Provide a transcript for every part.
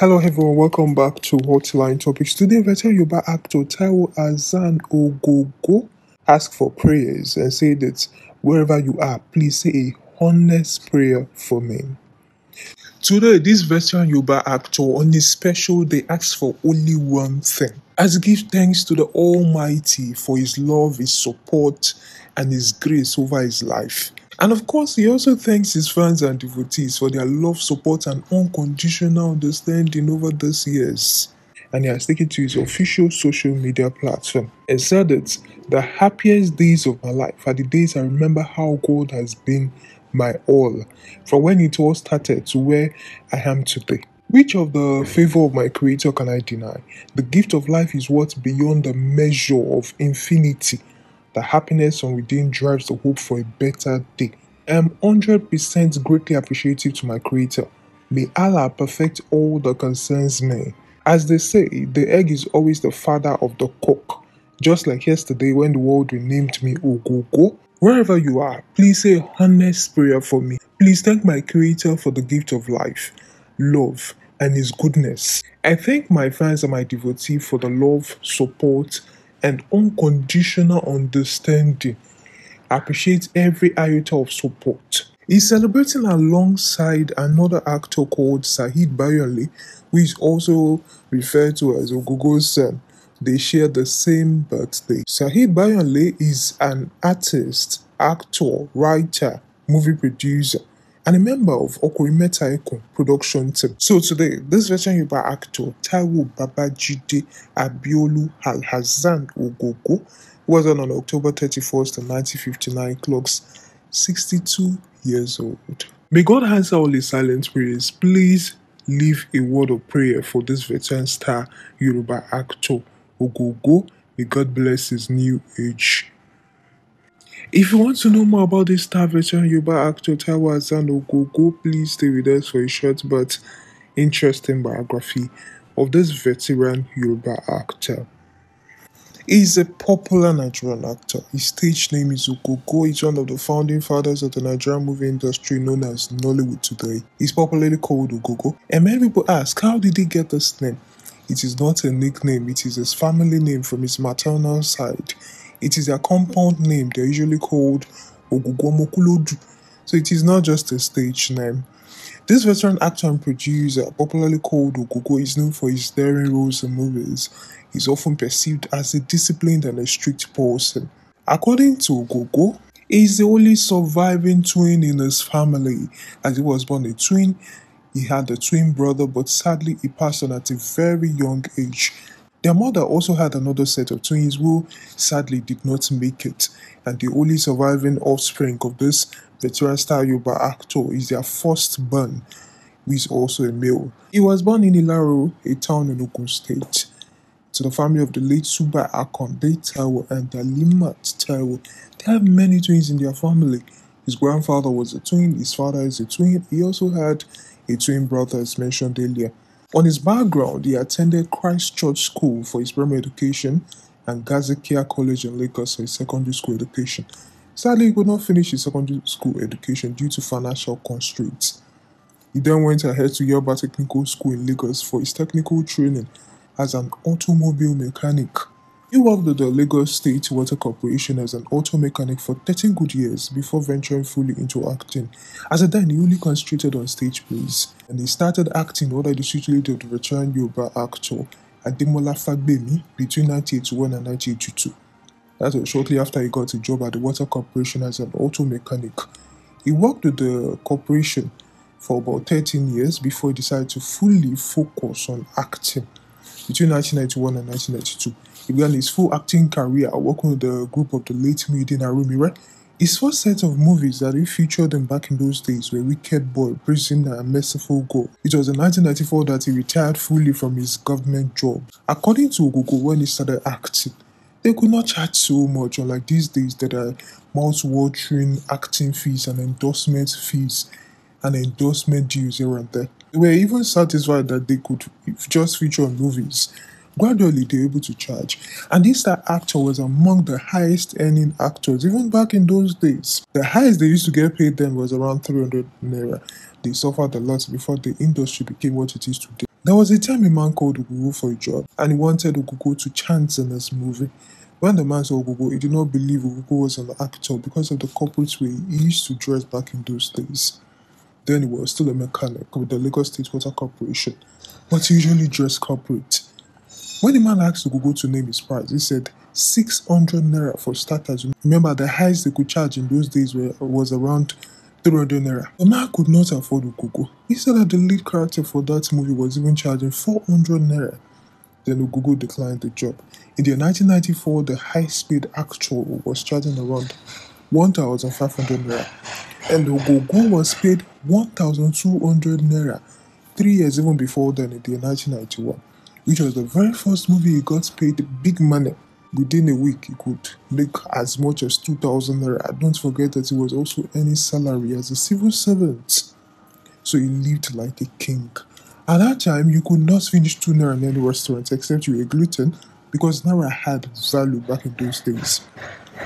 Hello everyone, welcome back to Hotline Topics. Today, veteran Yoruba actor Taiwo Azan Ogogo asked for prayers and said that wherever you are, please say a honest prayer for me. Today, this veteran Yuba actor on his special day, asked for only one thing. As give thanks to the Almighty for his love, his support, and his grace over his life. And of course, he also thanks his fans and devotees for their love, support, and unconditional understanding over these years. And he has taken to his official social media platform and said that the happiest days of my life are the days I remember how God has been my all, from when it all started to where I am today. Which of the favor of my Creator can I deny? The gift of life is what beyond the measure of infinity the happiness from within drives the hope for a better day. I am 100% greatly appreciative to my Creator. May Allah perfect all that concerns me. As they say, the egg is always the father of the cock. Just like yesterday when the world renamed me Ogogo. Wherever you are, please say a honest prayer for me. Please thank my Creator for the gift of life, love, and His goodness. I thank my fans and my devotee for the love, support, and unconditional understanding appreciates every iota of support. He's celebrating alongside another actor called Sahid Bayali, who is also referred to as Ogogo's son. They share the same birthday. Sahid Bayali is an artist, actor, writer, movie producer and a member of Okurimeta Eko production team. So today, this veteran Yoruba actor Taiwo Babajide Abiolu Alhazan Ogogo was born on October 31st, 1959, clocks 62 years old. May God answer all his silent prayers. Please leave a word of prayer for this veteran star Yoruba actor Ogogo. May God bless his new age. If you want to know more about this star veteran Yuba actor Taiwo Azanogogo, please stay with us for a short but interesting biography of this veteran Yuba actor. He's a popular Nigerian actor. His stage name is Ogogo. He's one of the founding fathers of the Nigerian movie industry known as Nollywood today. He's popularly called Ogogo. And many people ask, how did he get this name? It is not a nickname, it is his family name from his maternal side. It is a compound name. They're usually called Oguguamokulodu. So it is not just a stage name. This veteran actor and producer, popularly called Ogogo, is known for his daring roles in movies. He's often perceived as a disciplined and a strict person. According to Ogogo, he is the only surviving twin in his family, as he was born a twin. He had a twin brother, but sadly, he passed on at a very young age. Their mother also had another set of twins who sadly did not make it, and the only surviving offspring of this veteran star actor is their firstborn, who is also a male. He was born in Ilaro, a town in Ogun State, to the family of the late Suba Akonde Taiwo and Dalimat Taiwo. They have many twins in their family. His grandfather was a twin, his father is a twin. He also had a twin brother, as mentioned earlier. On his background, he attended Christ Church School for his primary education and Gazikia College in Lagos for his secondary school education. Sadly, he could not finish his secondary school education due to financial constraints. He then went ahead to Yoruba Technical School in Lagos for his technical training as an automobile mechanic. He worked at the Lagos State Water Corporation as an auto mechanic for 13 good years before venturing fully into acting. As a then, he only concentrated on stage plays, and he started acting under the tutelage of the returned Yoruba actor Ademola Fagbemi between 1981 and 1982. That was shortly after he got a job at the Water Corporation as an auto mechanic. He worked with the corporation for about 13 years before he decided to fully focus on acting between 1991 and 1992. He began his full acting career working with the group of the late Muhyiddin Arumi, right? His first set of movies that he featured in back in those days were Wicked Boy, *Prison*, and Merciful Go. It was in 1994 that he retired fully from his government job. According to Google, when he started acting, they could not charge so much, unlike these days that are mouth-watering acting fees and endorsement fees and endorsement deals here and there. They were even satisfied that they could just feature on movies Gradually, they were able to charge. And this actor was among the highest earning actors, even back in those days. The highest they used to get paid then was around 300 naira. They suffered a lot before the industry became what it is today. There was a time a man called Ogugu for a job and he wanted Ogugu to chance in his movie. When the man saw Ogugu, he did not believe Ogugu was an actor because of the corporate way he used to dress back in those days. Then he was still a mechanic with the Lagos State Water Corporation, but he usually dressed corporate. When the man asked Google to name his price, he said 600 naira for starters. Remember, the highest they could charge in those days were, was around 300 naira. The man could not afford Ogogo. He said that the lead character for that movie was even charging 400 naira. Then Google declined the job. In the 1994, the high speed actual was charging around 1,500 naira, and Ogogo was paid 1,200 naira three years even before then in the 1991 which was the very first movie he got paid big money. Within a week, he could make as much as 2,000 naira. Don't forget that he was also earning salary as a civil servant. So he lived like a king. At that time, you could not finish two naira in any restaurant except you were gluten because naira had value back in those days.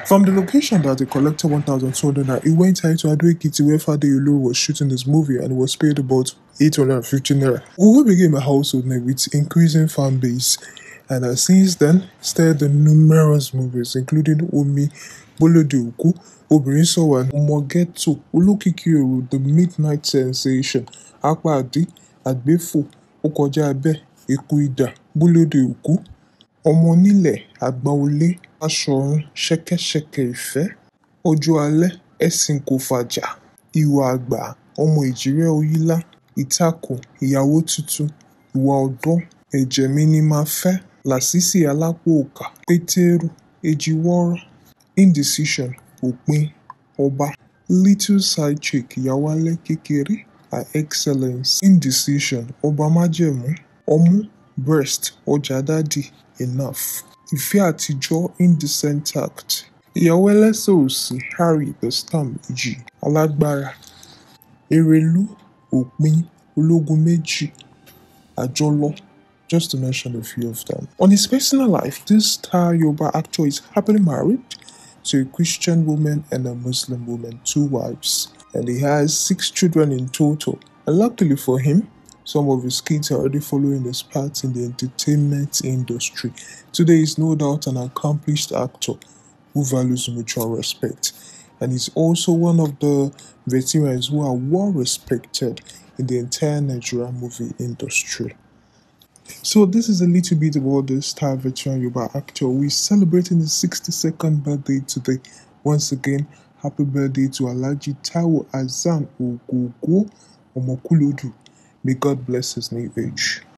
From the location that the collector 1,200 naira, he went out to Adwekiti where Father Yulu was shooting his movie and was paid about 850 naira. Uwe became a household name with increasing fan base and has since then starred in numerous movies including Omi, Bolo de Obìnrin Obriso, and Olókìkí Èrò, The Midnight Sensation, Akwa Àdí, Àgbéfò, Ó Kọjá Abẹ́, Èkó Idà, Bolode Ọmọ onílẹ̀ àgbáọlé, aṣọ̀run ṣẹ̀kẹ̀ṣẹ̀kẹ̀ ìfẹ́, ọjọ alẹ́, ẹ̀sìn kò fàjà, ìwà àgbà, ọmọ Èjìrẹ́ Ọ̀yílà, ìtàkùn, ìyàwó tuntun, ìwà ọ̀dọ́, ẹ̀jẹ̀ mi ni màá fẹ́, Lásìsì Alápòòkà, Pétérù, Èjìwọra, Indecision, Òpin, Ọba, Little Side Chick, Ìyáwálé kékeré, Her Excellency, Indecision, Ọba májẹ̀mú, Ọmú. Breast ọjà jadadi Enough Ìfẹ́ Àtijọ́ Indecent Act Ìyàwó ẹlẹ́sẹ̀ òsì Harry the Storm Ìjì Alágbára Erelú Òpin Ológun Méjì Àjọlọ just to mention a few of them. On his personal life, this star Yoruba actor is happily married to a Christian woman and a Muslim woman, two wives, and he has six children in total. And luckily for him, some of his kids are already following his path in the entertainment industry. Today is no doubt an accomplished actor who values mutual respect and is also one of the veterans who are well respected in the entire Nigerian movie industry. So this is a little bit about the star veteran Yoruba actor We're celebrating his 62nd birthday today. Once again, happy birthday to Alaji Tawo Azan Ogogo Omokulodu. May God bless his new age.